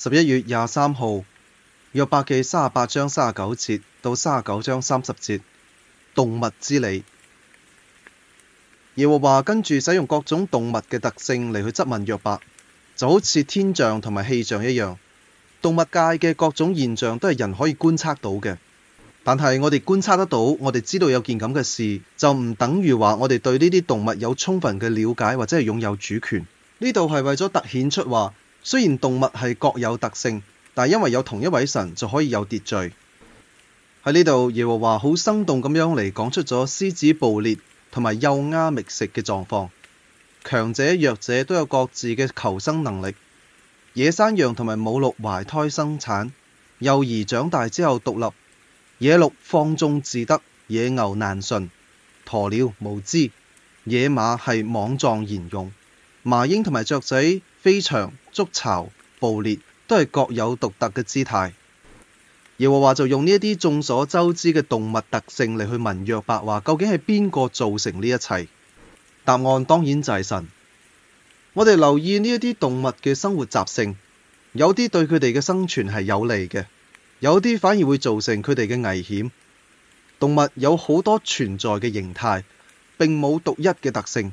十一月廿三號，約伯記三十八章三十九節到三十九章三十節，動物之理，耶和華跟住使用各種動物嘅特性嚟去質問約伯，就好似天象同埋氣象一樣，動物界嘅各種現象都係人可以觀測到嘅。但係我哋觀察得到，我哋知道有件咁嘅事，就唔等於話我哋對呢啲動物有充分嘅了解或者係擁有主權。呢度係為咗凸顯出話。雖然動物係各有特性，但因為有同一位神，就可以有秩序。喺呢度，耶和華好生動咁樣嚟講出咗獅子捕獵同埋幼鴉覓食嘅狀況，強者弱者都有各自嘅求生能力。野山羊同埋母鹿懷胎生產，幼兒長大之後獨立。野鹿放縱自得，野牛難馴，鴕鳥無知，野馬係莽撞盲勇。麻鷹同埋雀仔飛翔。築巢、捕獵都係各有獨特嘅姿態。耶和華就用呢一啲眾所周知嘅動物特性嚟去問約伯話：究竟係邊個造成呢一切？答案當然就係神。我哋留意呢一啲動物嘅生活習性，有啲對佢哋嘅生存係有利嘅，有啲反而會造成佢哋嘅危險。動物有好多存在嘅形態，並冇獨一嘅特性。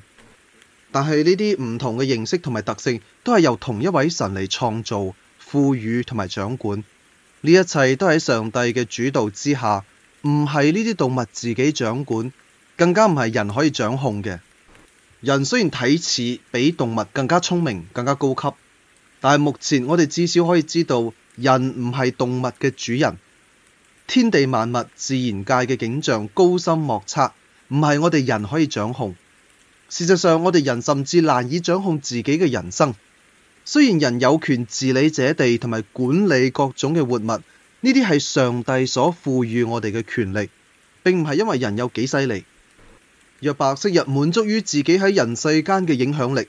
但係呢啲唔同嘅形式同埋特性，都係由同一位神嚟創造、賦予同埋掌管。呢一切都喺上帝嘅主導之下，唔係呢啲動物自己掌管，更加唔係人可以掌控嘅。人雖然睇似比動物更加聰明、更加高級，但係目前我哋至少可以知道，人唔係動物嘅主人。天地萬物、自然界嘅景象高深莫測，唔係我哋人可以掌控。事實上，我哋人甚至難以掌控自己嘅人生。雖然人有權治理這地同埋管理各種嘅活物，呢啲係上帝所賦予我哋嘅權力，並唔係因為人有幾犀利。約伯昔日滿足於自己喺人世間嘅影響力，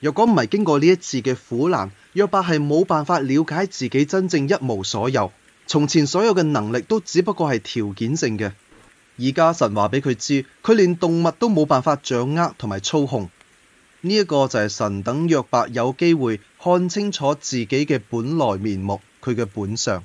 若果唔係經過呢一次嘅苦難，約伯係冇辦法了解自己真正一無所有。從前所有嘅能力都只不過係條件性嘅。而家神話畀佢知，佢連動物都冇辦法掌握同埋操控，呢、這、一個就係神等約伯有機會看清楚自己嘅本來面目，佢嘅本相。